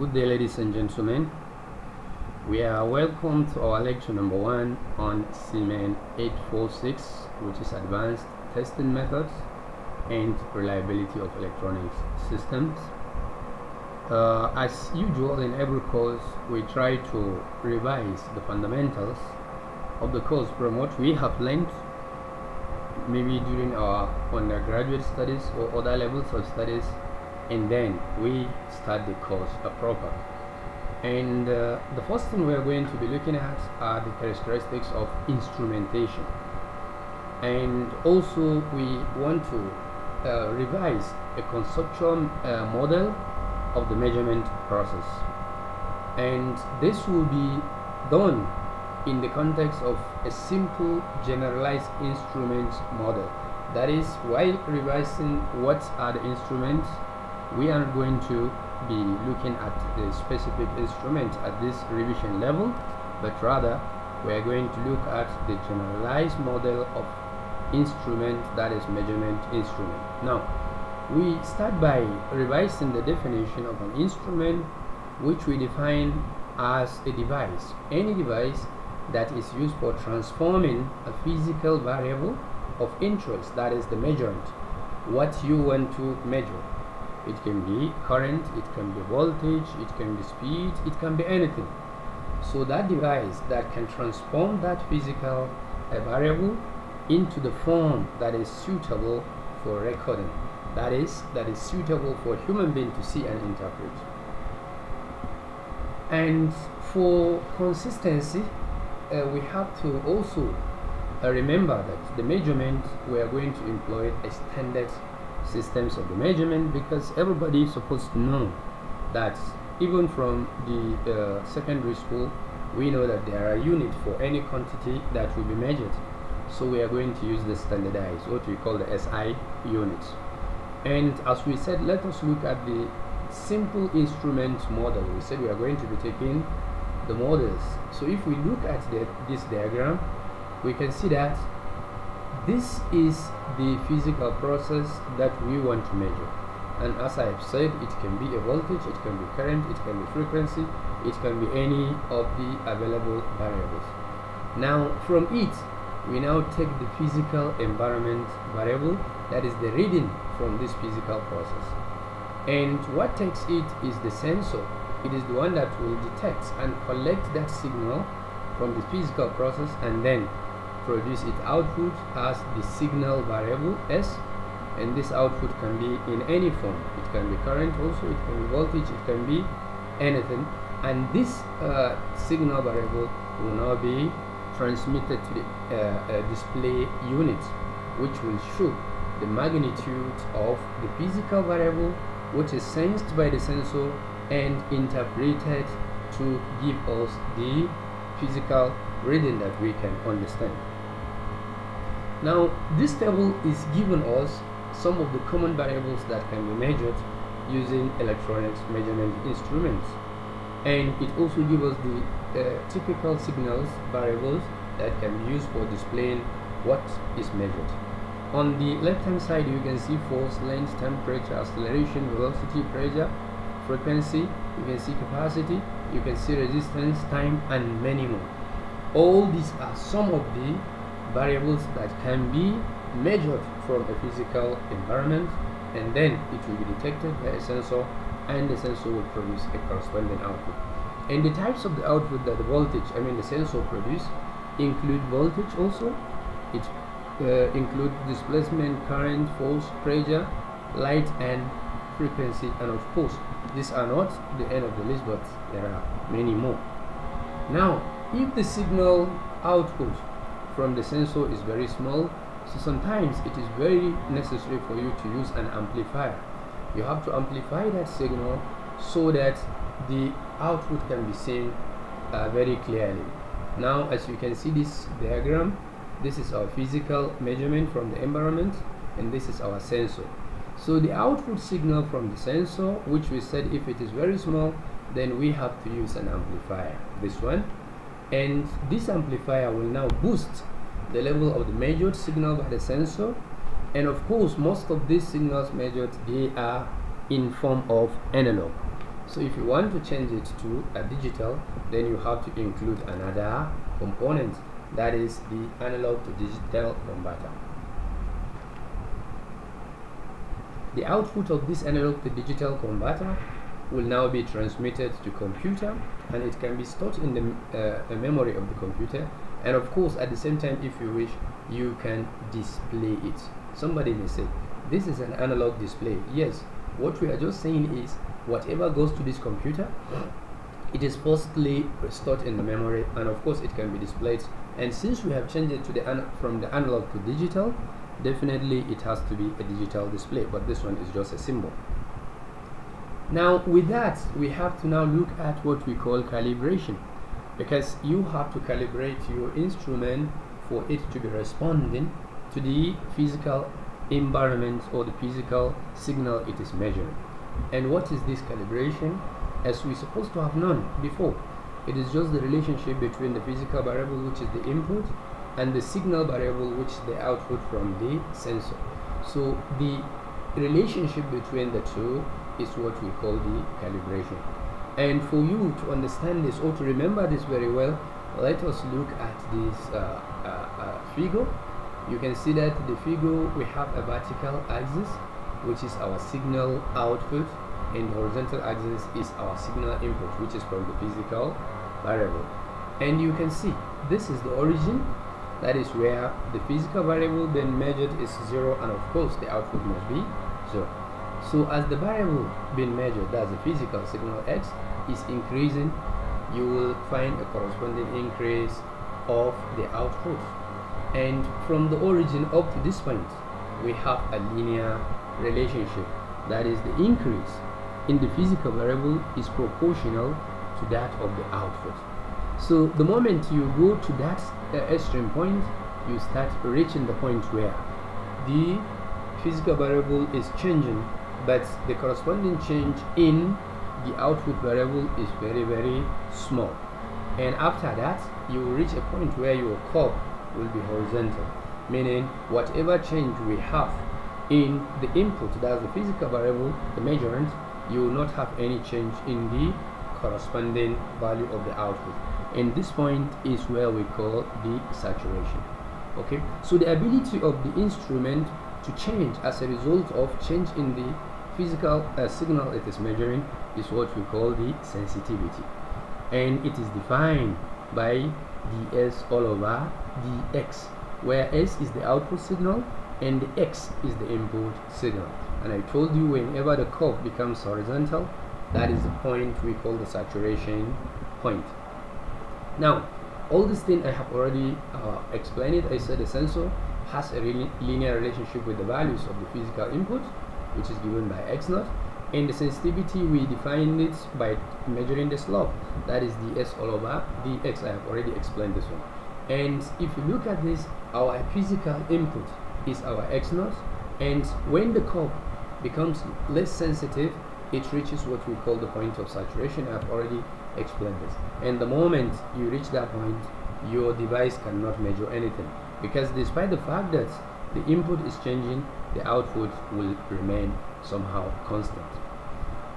Good day ladies and gentlemen. We are welcome to our lecture number one on CMEN 846 which is Advanced Testing Methods and Reliability of Electronics Systems. Uh, as usual in every course we try to revise the fundamentals of the course from what we have learned maybe during our undergraduate studies or other levels of studies and then we start the course proper and uh, the first thing we are going to be looking at are the characteristics of instrumentation and also we want to uh, revise a conceptual uh, model of the measurement process and this will be done in the context of a simple generalized instrument model that is while revising what are the instruments we are going to be looking at the specific instrument at this revision level but rather we are going to look at the generalized model of instrument that is measurement instrument now we start by revising the definition of an instrument which we define as a device any device that is used for transforming a physical variable of interest that is the measurement what you want to measure it can be current it can be voltage it can be speed it can be anything so that device that can transform that physical variable into the form that is suitable for recording that is that is suitable for human being to see and interpret and for consistency uh, we have to also uh, remember that the measurement we are going to employ a standard systems of the measurement because everybody is supposed to know that even from the uh, secondary school we know that there are units for any quantity that will be measured so we are going to use the standardized what we call the SI units and as we said let us look at the simple instrument model we said we are going to be taking the models so if we look at the, this diagram we can see that this is the physical process that we want to measure. And as I have said, it can be a voltage, it can be current, it can be frequency, it can be any of the available variables. Now from it, we now take the physical environment variable, that is the reading from this physical process. And what takes it is the sensor. It is the one that will detect and collect that signal from the physical process and then produce its output as the signal variable S and this output can be in any form it can be current also it can be voltage it can be anything and this uh, signal variable will now be transmitted to the uh, uh, display unit which will show the magnitude of the physical variable which is sensed by the sensor and interpreted to give us the physical reading that we can understand now this table is given us some of the common variables that can be measured using electronics measurement instruments and it also gives us the uh, typical signals variables that can be used for displaying what is measured. On the left hand side you can see force, length, temperature, acceleration, velocity, pressure, frequency, you can see capacity, you can see resistance, time and many more. All these are some of the variables that can be measured from a physical environment and then it will be detected by a sensor and the sensor will produce a corresponding output and the types of the output that the voltage I mean the sensor produce include voltage also it uh, include displacement current force pressure light and frequency and of course these are not the end of the list but there are many more now if the signal output from the sensor is very small so sometimes it is very necessary for you to use an amplifier you have to amplify that signal so that the output can be seen uh, very clearly now as you can see this diagram this is our physical measurement from the environment and this is our sensor so the output signal from the sensor which we said if it is very small then we have to use an amplifier this one and this amplifier will now boost the level of the measured signal by the sensor and of course most of these signals measured they are in form of analog so if you want to change it to a digital then you have to include another component that is the analog to digital converter the output of this analog to digital converter will now be transmitted to computer and it can be stored in the uh, memory of the computer and of course at the same time if you wish you can display it somebody may say this is an analog display yes what we are just saying is whatever goes to this computer it is firstly stored in the memory and of course it can be displayed and since we have changed it to the from the analog to digital definitely it has to be a digital display but this one is just a symbol now with that we have to now look at what we call calibration because you have to calibrate your instrument for it to be responding to the physical environment or the physical signal it is measuring and what is this calibration as we supposed to have known before it is just the relationship between the physical variable which is the input and the signal variable which is the output from the sensor so the relationship between the two is what we call the calibration. And for you to understand this or to remember this very well, let us look at this uh, uh, uh, figure. You can see that the figure we have a vertical axis, which is our signal output, and horizontal axis is our signal input, which is from the physical variable. And you can see this is the origin, that is where the physical variable then measured is zero, and of course the output must be zero. So as the variable being measured that's the physical signal x is increasing, you will find a corresponding increase of the output. And from the origin up to this point, we have a linear relationship. That is the increase in the physical variable is proportional to that of the output. So the moment you go to that uh, extreme point, you start reaching the point where the physical variable is changing but the corresponding change in the output variable is very very small and after that you will reach a point where your curve will be horizontal meaning whatever change we have in the input that's the physical variable the measurement you will not have any change in the corresponding value of the output and this point is where we call the saturation okay so the ability of the instrument to change as a result of change in the physical uh, signal it is measuring is what we call the sensitivity and it is defined by ds all over dx where s is the output signal and the x is the input signal and I told you whenever the curve becomes horizontal that is the point we call the saturation point now all these things I have already uh, explained it I said the sensor has a linear relationship with the values of the physical input which is given by x naught and the sensitivity we define it by measuring the slope that is the s all over dx i have already explained this one and if you look at this our physical input is our x naught and when the curve becomes less sensitive it reaches what we call the point of saturation i've already explained this and the moment you reach that point your device cannot measure anything because despite the fact that the input is changing the output will remain somehow constant.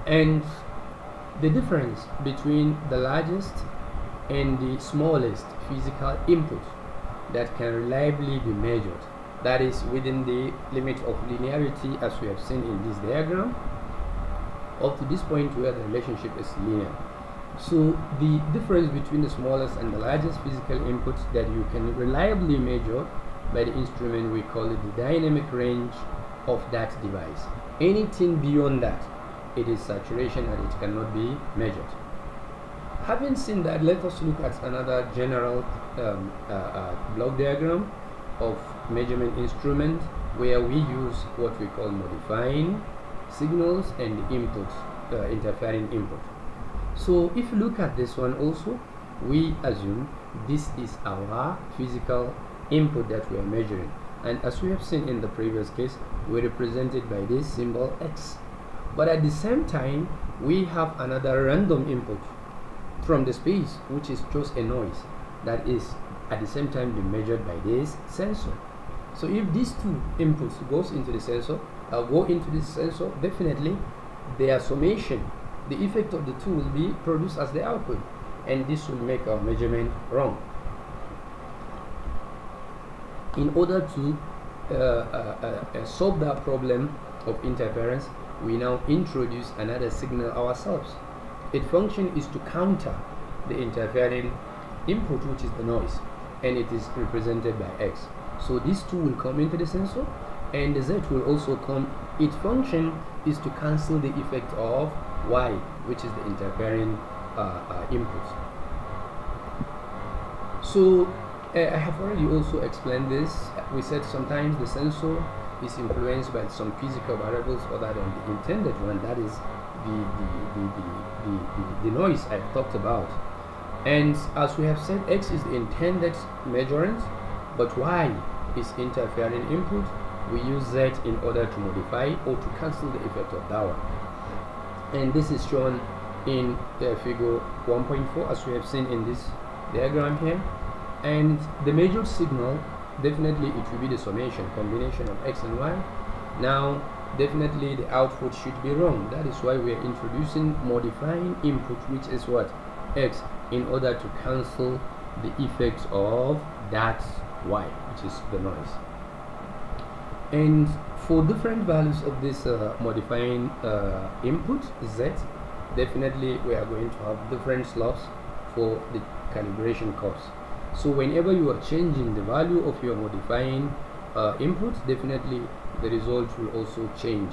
And the difference between the largest and the smallest physical input that can reliably be measured, that is within the limit of linearity as we have seen in this diagram, up to this point where the relationship is linear. So the difference between the smallest and the largest physical inputs that you can reliably measure by the instrument we call it the dynamic range of that device anything beyond that it is saturation and it cannot be measured having seen that let us look at another general um, uh, uh, block diagram of measurement instrument where we use what we call modifying signals and input uh, interfering input so if you look at this one also we assume this is our physical input that we are measuring and as we have seen in the previous case we represent it by this symbol x but at the same time we have another random input from the space which is just a noise that is at the same time measured by this sensor so if these two inputs goes into the sensor uh, go into the sensor definitely their summation the effect of the two will be produced as the output and this will make our measurement wrong in order to uh uh, uh, uh, solve that problem of interference we now introduce another signal ourselves its function is to counter the interfering input which is the noise and it is represented by x so these two will come into the sensor and the z will also come its function is to cancel the effect of y which is the interfering uh, uh, input so Eh, I have already also explained this. We said sometimes the sensor is influenced by some physical variables other than the intended one, that is the, the, the, the, the, the, noise I've talked about. And as we have said, X is the intended measurement, but Y is interfering input. We use Z in order to modify or to cancel the effect of that one. And this is shown in the eh, figure 1.4 as we have seen in this diagram here and the major signal definitely it will be the summation combination of x and y now definitely the output should be wrong that is why we are introducing modifying input which is what x in order to cancel the effects of that y which is the noise and for different values of this uh, modifying uh, input z definitely we are going to have different slopes for the calibration curves so whenever you are changing the value of your modifying uh, inputs definitely the result will also change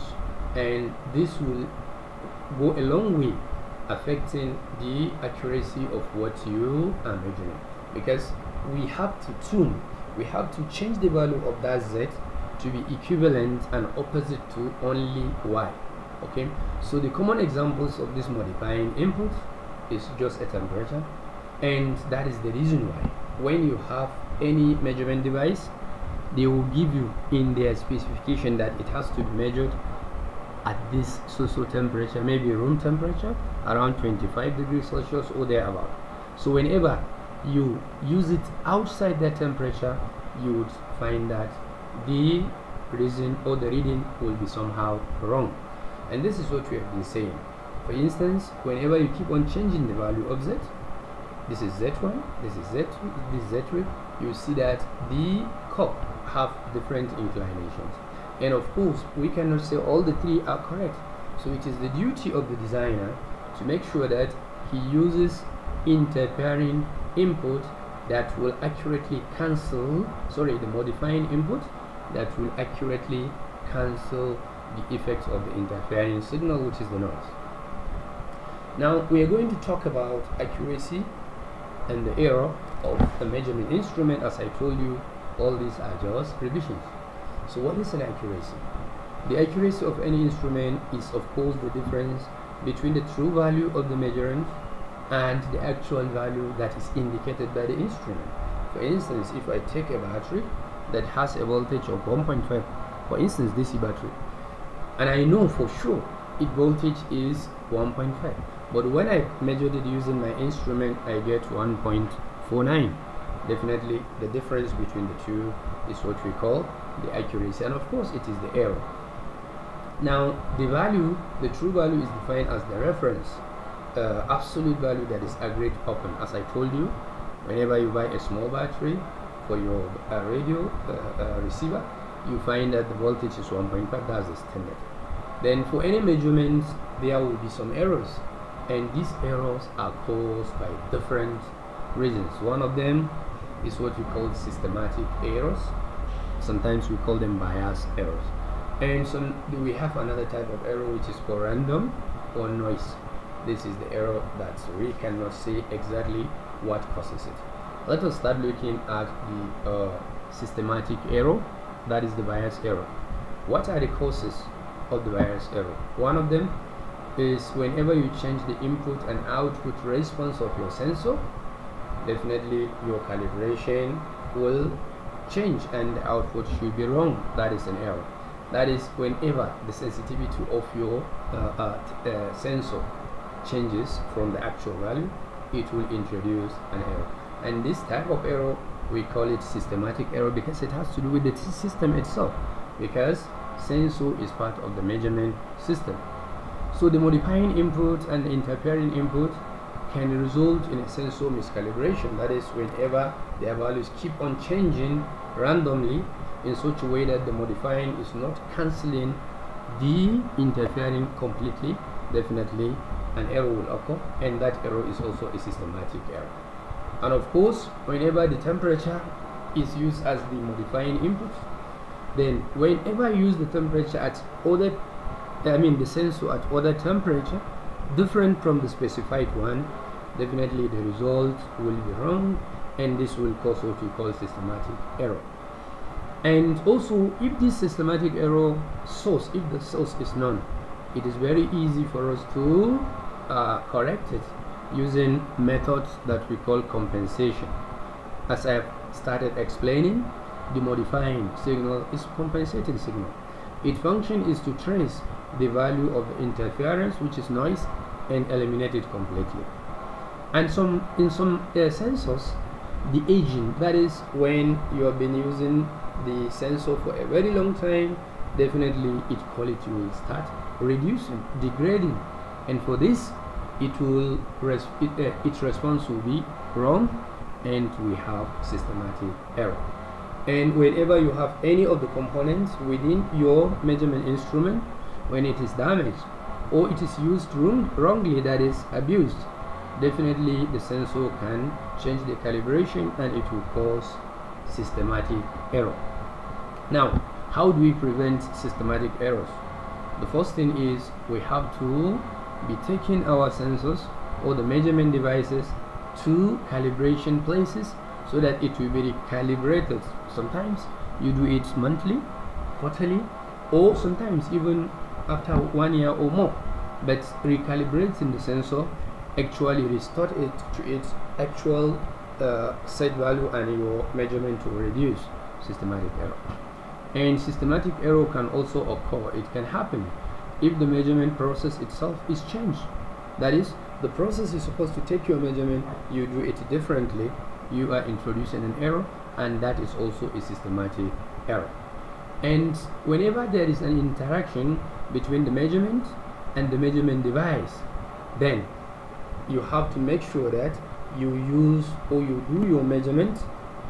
and this will go a long way affecting the accuracy of what you are measuring because we have to tune we have to change the value of that z to be equivalent and opposite to only y okay so the common examples of this modifying input is just a temperature and that is the reason why when you have any measurement device they will give you in their specification that it has to be measured at this so-so temperature maybe room temperature around 25 degrees celsius or thereabout so whenever you use it outside that temperature you would find that the reason or the reading will be somehow wrong and this is what we have been saying for instance whenever you keep on changing the value of z this is z1 this is z2 this is z3 you see that the cup have different inclinations and of course we cannot say all the three are correct so it is the duty of the designer to make sure that he uses interfering input that will accurately cancel sorry the modifying input that will accurately cancel the effects of the interfering signal which is the noise now we are going to talk about accuracy and the error of the measurement instrument as I told you all these are just revisions so what is an accuracy the accuracy of any instrument is of course the difference between the true value of the measurement and the actual value that is indicated by the instrument for instance if I take a battery that has a voltage of 1.5 for instance DC battery and I know for sure its voltage is 1.5 but when I measured it using my instrument I get 1.49 definitely the difference between the two is what we call the accuracy and of course it is the error now the value the true value is defined as the reference uh, absolute value that is agreed upon as I told you whenever you buy a small battery for your uh, radio uh, uh receiver you find that the voltage is 1.5 that's the standard then for any measurements there will be some errors and these errors are caused by different reasons one of them is what we call systematic errors sometimes we call them bias errors and so we have another type of error which is for random or noise this is the error that we cannot say exactly what causes it let us start looking at the uh, systematic error that is the bias error what are the causes of the bias error one of them is whenever you change the input and output response of your sensor definitely your calibration will change and the output should be wrong that is an error that is whenever the sensitivity of your uh, uh, uh, sensor changes from the actual value it will introduce an error and this type of error we call it systematic error because it has to do with the system itself because sensor is part of the measurement system so the modifying input and interfering input can result in a sensor miscalibration. That is, whenever their values keep on changing randomly in such a way that the modifying is not cancelling the interfering completely, definitely an error will occur and that error is also a systematic error. And of course, whenever the temperature is used as the modifying input, then whenever you use the temperature at other I mean the sensor at other temperature different from the specified one definitely the result will be wrong and this will cause what we call systematic error and also if this systematic error source if the source is known it is very easy for us to uh, correct it using methods that we call compensation as I've started explaining the modifying signal is compensating signal its function is to trace the value of interference which is noise and eliminate it completely and some in some uh, sensors the aging that is when you have been using the sensor for a very long time definitely its quality will start reducing degrading and for this it will res it, uh, its response will be wrong and we have systematic error and whenever you have any of the components within your measurement instrument when it is damaged or it is used wrong, wrongly that is abused definitely the sensor can change the calibration and it will cause systematic error now how do we prevent systematic errors the first thing is we have to be taking our sensors or the measurement devices to calibration places so that it will be calibrated sometimes you do it monthly quarterly or sometimes even after one year or more, but recalibrating the sensor actually restores it to its actual uh, set value and your measurement will reduce systematic error. And systematic error can also occur. It can happen if the measurement process itself is changed. That is, the process is supposed to take your measurement, you do it differently, you are introducing an error, and that is also a systematic error and whenever there is an interaction between the measurement and the measurement device then you have to make sure that you use or you do your measurement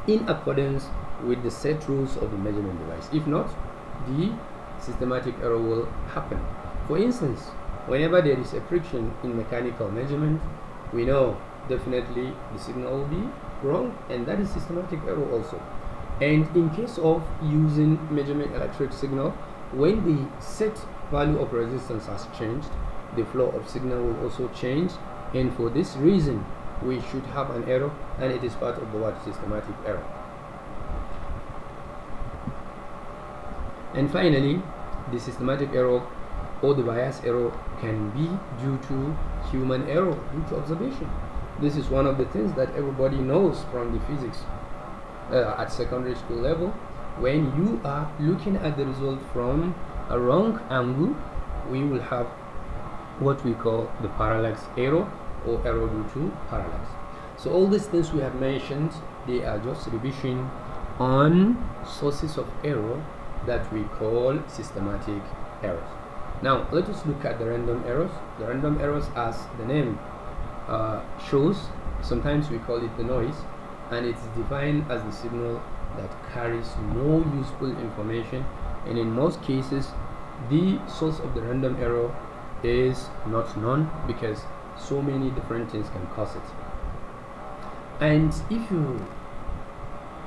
in accordance with the set rules of the measurement device if not the systematic error will happen for instance whenever there is a friction in mechanical measurement we know definitely the signal will be wrong and that is systematic error also and in case of using measurement electric signal when the set value of resistance has changed the flow of signal will also change and for this reason we should have an error and it is part of the what systematic error and finally the systematic error or the bias error can be due to human error due to observation this is one of the things that everybody knows from the physics uh, at secondary school level when you are looking at the result from a wrong angle we will have what we call the parallax error or error due to parallax so all these things we have mentioned they are just revision on sources of error that we call systematic errors now let us look at the random errors the random errors as the name uh, shows sometimes we call it the noise and it is defined as the signal that carries no useful information and in most cases the source of the random error is not known because so many different things can cause it and if you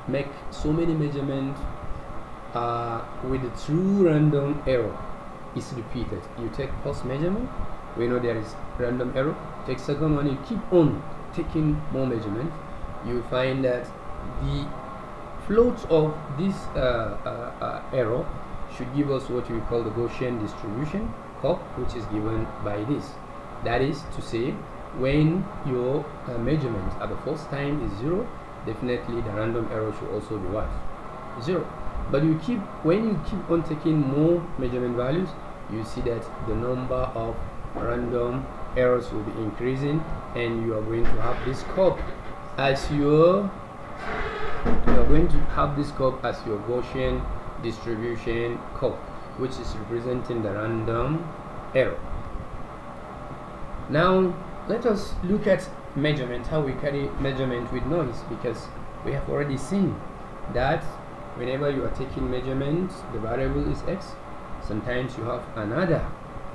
make so many measurements uh, with the true random error is repeated you take first measurement we know there is random error take second one you keep on taking more measurements you find that the floats of this uh, uh, uh, arrow should give us what we call the Gaussian distribution cup which is given by this that is to say when your uh, measurement at the first time is zero definitely the random error should also be what zero but you keep when you keep on taking more measurement values you see that the number of random errors will be increasing and you are going to have this curve as your you're going to have this cup as your Gaussian distribution cup which is representing the random error now let us look at measurement how we carry measurement with noise because we have already seen that whenever you are taking measurements the variable is x sometimes you have another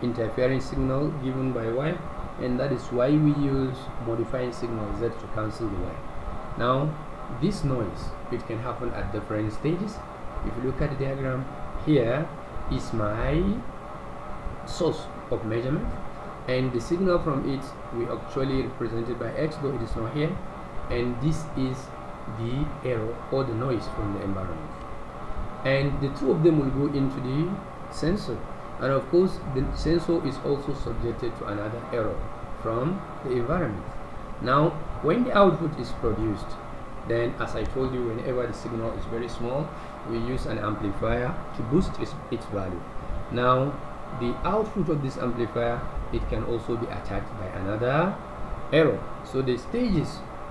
interference signal given by y and that is why we use modifying signal Z to cancel the Y. Now this noise it can happen at different stages. If you look at the diagram here is my source of measurement and the signal from it we actually represented by X though it is not here and this is the error or the noise from the environment and the two of them will go into the sensor and of course the sensor is also subjected to another error from the environment now when the output is produced then as I told you whenever the signal is very small we use an amplifier to boost its, its value now the output of this amplifier it can also be attacked by another error so the stages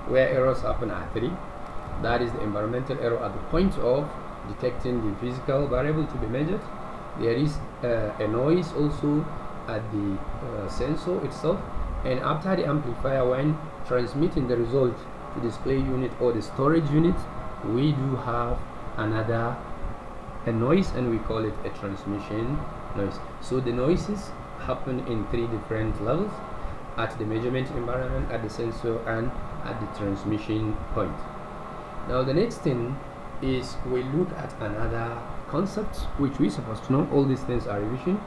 where errors happen are three that is the environmental error at the point of detecting the physical variable to be measured there is uh, a noise also at the uh, sensor itself and after the amplifier when transmitting the result to display unit or the storage unit we do have another a noise and we call it a transmission noise so the noises happen in three different levels at the measurement environment at the sensor and at the transmission point now the next thing is we look at another concepts which we supposed to know all these things are revision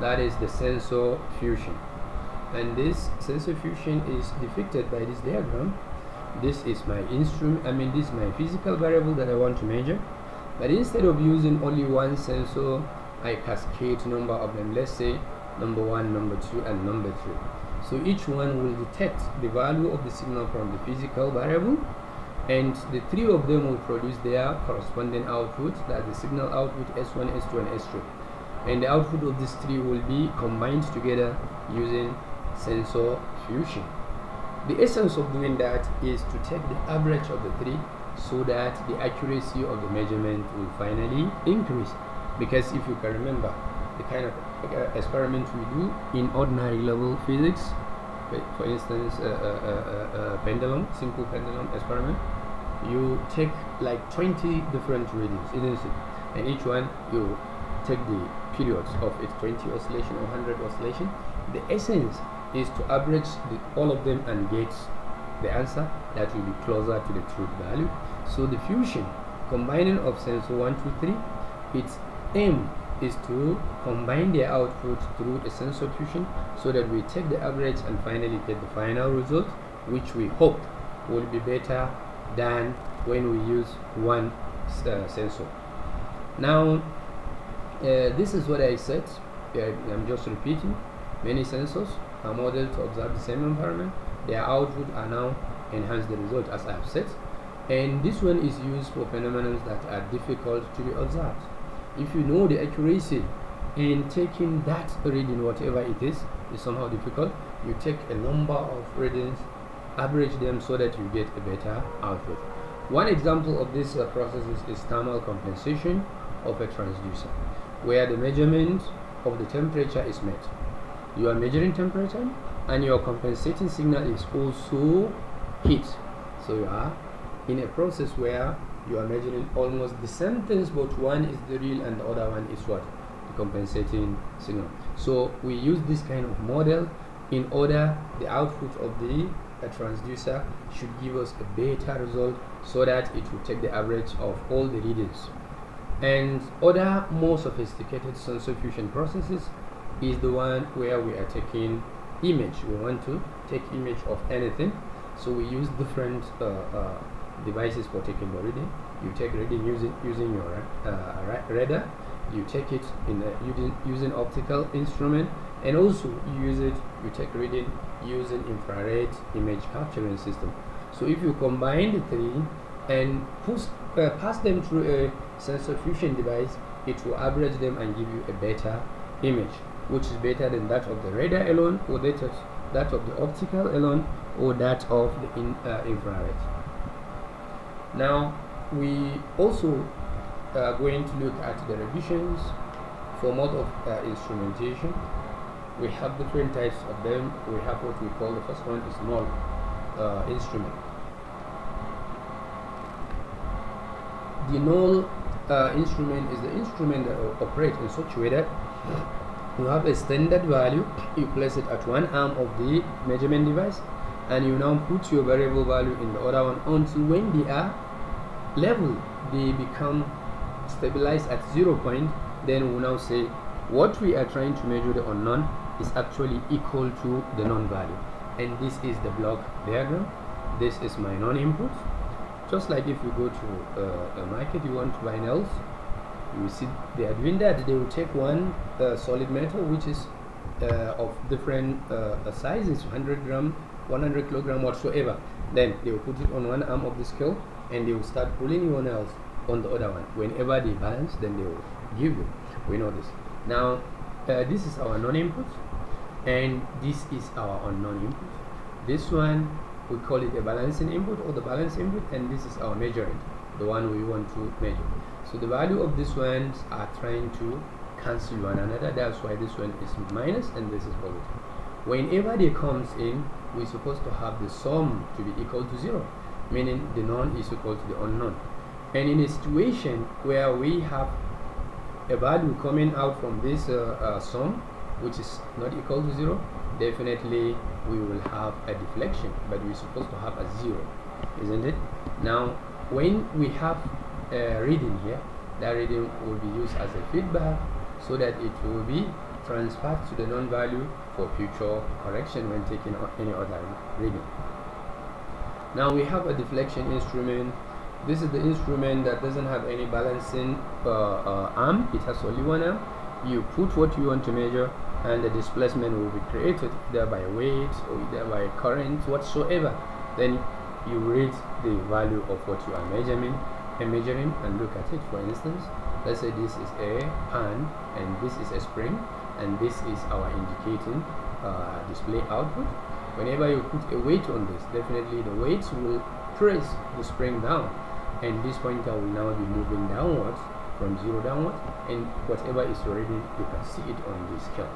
that is the sensor fusion and this sensor fusion is depicted by this diagram this is my instrument i mean this is my physical variable that i want to measure but instead of using only one sensor i cascade number of them let's say number one number two and number three so each one will detect the value of the signal from the physical variable and the three of them will produce their corresponding output that the signal output S1, S2 and S3 and the output of these three will be combined together using sensor fusion the essence of doing that is to take the average of the three so that the accuracy of the measurement will finally increase because if you can remember the kind of uh, experiment we do in ordinary level physics for instance a uh, uh, pendulum simple pendulum experiment you take like 20 different readings isn't it and each one you take the periods of its 20 oscillation or 100 oscillation the essence is to average the, all of them and get the answer that will be closer to the truth value so the fusion combining of sensor 1 2 3 its aim is to combine their output through a sensor fusion so that we take the average and finally get the final result which we hope will be better than when we use one uh, sensor now uh, this is what I said I'm just repeating many sensors are modeled to observe the same environment their output are now enhance the result as I have said and this one is used for phenomena that are difficult to be observed if you know the accuracy and taking that reading whatever it is is somehow difficult you take a number of readings average them so that you get a better output. One example of this uh, process is, is thermal compensation of a transducer, where the measurement of the temperature is made. You are measuring temperature and your compensating signal is also heat. So you are in a process where you are measuring almost the same things but one is the real and the other one is what? The compensating signal. So we use this kind of model in order the output of the a transducer should give us a beta result so that it will take the average of all the readings and other more sophisticated sensor fusion processes is the one where we are taking image we want to take image of anything so we use different uh, uh, devices for taking the reading you take reading using using your uh, radar you take it in the, using, using optical instrument and also you use it you take reading using infrared image capturing system so if you combine the three and push, uh, pass them through a sensor fusion device it will average them and give you a better image which is better than that of the radar alone or that of, that of the optical alone or that of the in, uh, infrared now we also uh, going to look at the revisions, for mode of uh, instrumentation. We have different types of them. We have what we call the first one is null uh, instrument. The null uh, instrument is the instrument that operates in such a way that you have a standard value, you place it at one arm of the measurement device, and you now put your variable value in the other one until when they are level, they become stabilize at zero point then we'll now say what we are trying to measure the unknown is actually equal to the known value and this is the block diagram this is my non input just like if you go to uh, a market you want to buy nails you see they are doing that they will take one uh, solid metal which is uh, of different uh, uh, sizes 100 gram 100 kilogram whatsoever then they will put it on one arm of the scale and they will start pulling your nails on the other one. Whenever they balance, then they will give you. We know this. Now, uh, this is our non-input, and this is our unknown input. This one, we call it a balancing input or the balance input, and this is our measuring, the one we want to measure. So the value of these ones are trying to cancel one another. That's why this one is minus and this is positive. Whenever they comes in, we're supposed to have the sum to be equal to zero, meaning the known is equal to the unknown. And in a situation where we have a value coming out from this uh, uh, sum, which is not equal to zero, definitely we will have a deflection, but we're supposed to have a zero, isn't it? Now, when we have a reading here, that reading will be used as a feedback so that it will be transferred to the non value for future correction when taking any other reading. Now we have a deflection instrument this is the instrument that doesn't have any balancing uh, uh, arm it has only one arm you put what you want to measure and the displacement will be created either by weight or either by current whatsoever then you read the value of what you are measuring and uh, measuring and look at it for instance let's say this is a pan and this is a spring and this is our indicating uh, display output whenever you put a weight on this definitely the weight will press the spring down and this pointer will now be moving downwards from zero downwards and whatever is already you can see it on this scale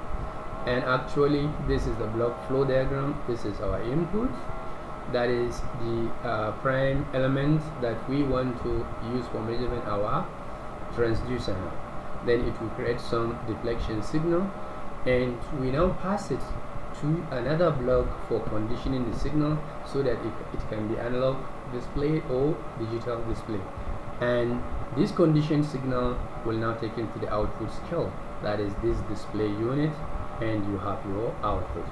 and actually this is the block flow diagram this is our input that is the uh, prime element that we want to use for measuring our transducer then it will create some deflection signal and we now pass it to another block for conditioning the signal so that it, it can be analog display or digital display and this conditioned signal will now take into the output scale that is this display unit and you have your output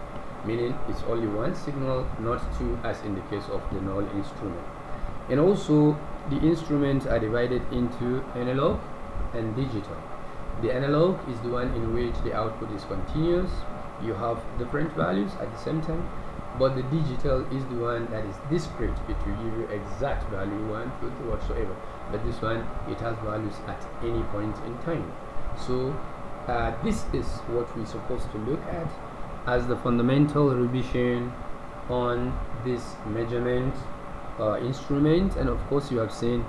meaning it's only one signal not two as in the case of the null instrument and also the instruments are divided into analog and digital the analog is the one in which the output is continuous you have different values at the same time but the digital is the one that is discrete it will give you exact value one whatsoever but this one it has values at any point in time so uh, this is what we're supposed to look at as the fundamental revision on this measurement uh, instrument and of course you have seen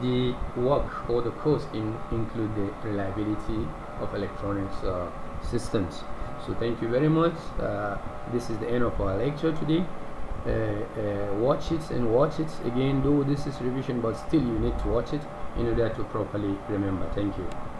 the work or the course in include the reliability of electronics uh, systems so thank you very much uh, this is the end of our lecture today uh, uh, watch it and watch it again though this is revision but still you need to watch it in order to properly remember thank you